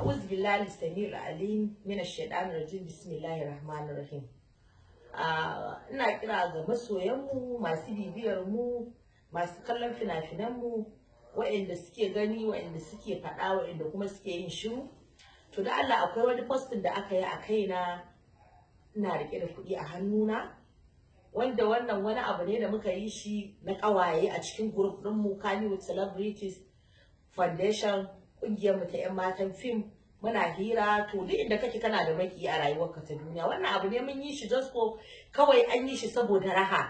أعوذ بالله السميع العليم من الشيطان الرجيم بسم الله الرحمن الرحيم ina kira ga masoyanmu masu bibiyarmu masu kallon fina mu waɗanda suke gani waɗanda suke faɗa waɗanda kuma suke yin shiru to da Allah akwai wani postin da aka yi a kaina ina riƙe da kuɗi a hannuna wanda wannan wani abu ne da muka yi shi na ƙawaye a cikin group ɗinmu Kannywood Celebrities Foundation kungiyar mu ta yan matan fim muna hira to duk inda kake kana da maki a rayuwarka ta duniya wannan abu ne mun yi shi jasko kawai an yi shi saboda raha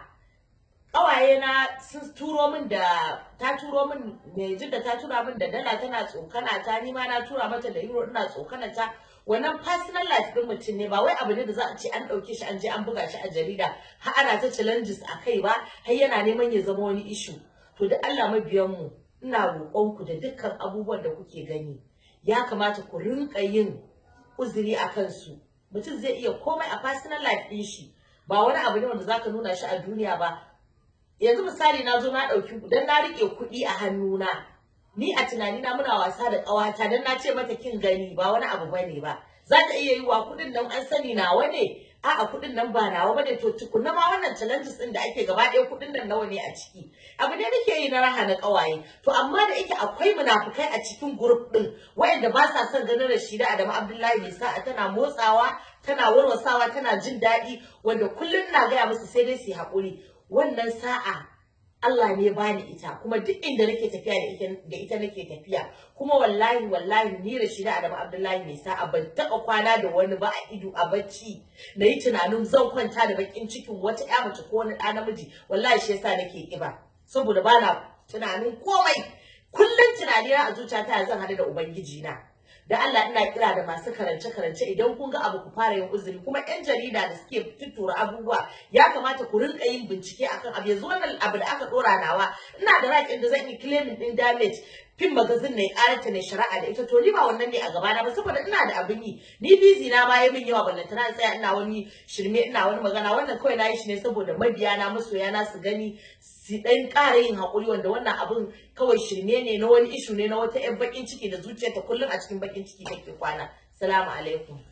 kawaye na sun turo min da ta turo min mai jidda ta tura min da dala tana tsokana ta ni ma na tura mata da euro ina tsokana ta wannan personal life din mutum ne ba wai abu ne da za a ce an dauke shi an je an buga shi a jarida har ana ta challenges a kai ba har yana neman ya zama wani issue to duk Allah mabiyan mu ina roƙonku da dukkan abubuwan da kuke gani ya kamata ku rinka yin uzuri a kansu mutum zai iya komai a personal life ɗin shi ba wani abu ne wanda zaka nuna shi a duniya ba yanzu misali na zo na ɗauki dan na riƙe kuɗi a hannuna ni a tunanina muna wasa da ƙawata dan na ce mata kin gani ba wani abu bane ba za ta iya yi wa kuɗin nan an sani nawa ne a'a kuɗin nan ba nawa bane to tukunna ma wannan challenges din da ake gaba ɗaya kuɗin nan nawa ne a ciki abu ne nake yi na raha na ƙawaye to amma da yake akwai munafukai a cikin group din wayanda ba sa son ganin Rashida Adamu Abdullahi mai sa'a tana motsawa tana warwasawa tana jin daɗi wanda kullum na gaya musu sai dai su yi haƙuri wannan sa'a Allah ne bani ita kuma duk inda nake tafiya da ita nake tafiya kuma wallahi wallahi ni da Adamu Abdullahi mai sa'a ban taba kwana da wani ba a ido a bacci na yi tunanin zan kwanta da bakin cikin wata ƴa mace ko wani ɗa namiji wallahi shi yasa nake kiba saboda bana tunanin komai kullum tunanina a zuciyata zan hadu da ubangiji na da Allah ina kira da masu karance-karance idan kun ga abu ku fara yin uzuri kuma ɗan jarida da suke tuttura abubuwa ya kamata ku rinka yin bincike akan abu yanzu wannan abu da aka dora nawa ina da raƙin da zan yi claiming din damage Fin magazin ne ta ne shari'a da ita to ni ba wannan ne a gaba na ba saboda ina da abin yi ni busy na ba min yawa balle tana tsaya ina wani shirme ina wani magana wannan kawai na yi shi ne saboda mabiya na masoya na su gani su dan ƙara yin hakuri wanda wannan abin kawai shirme ne na wani ishu ne na wata yan bakin ciki da zuciyarta kullum a cikin bakin ciki take kwana salamu alaikum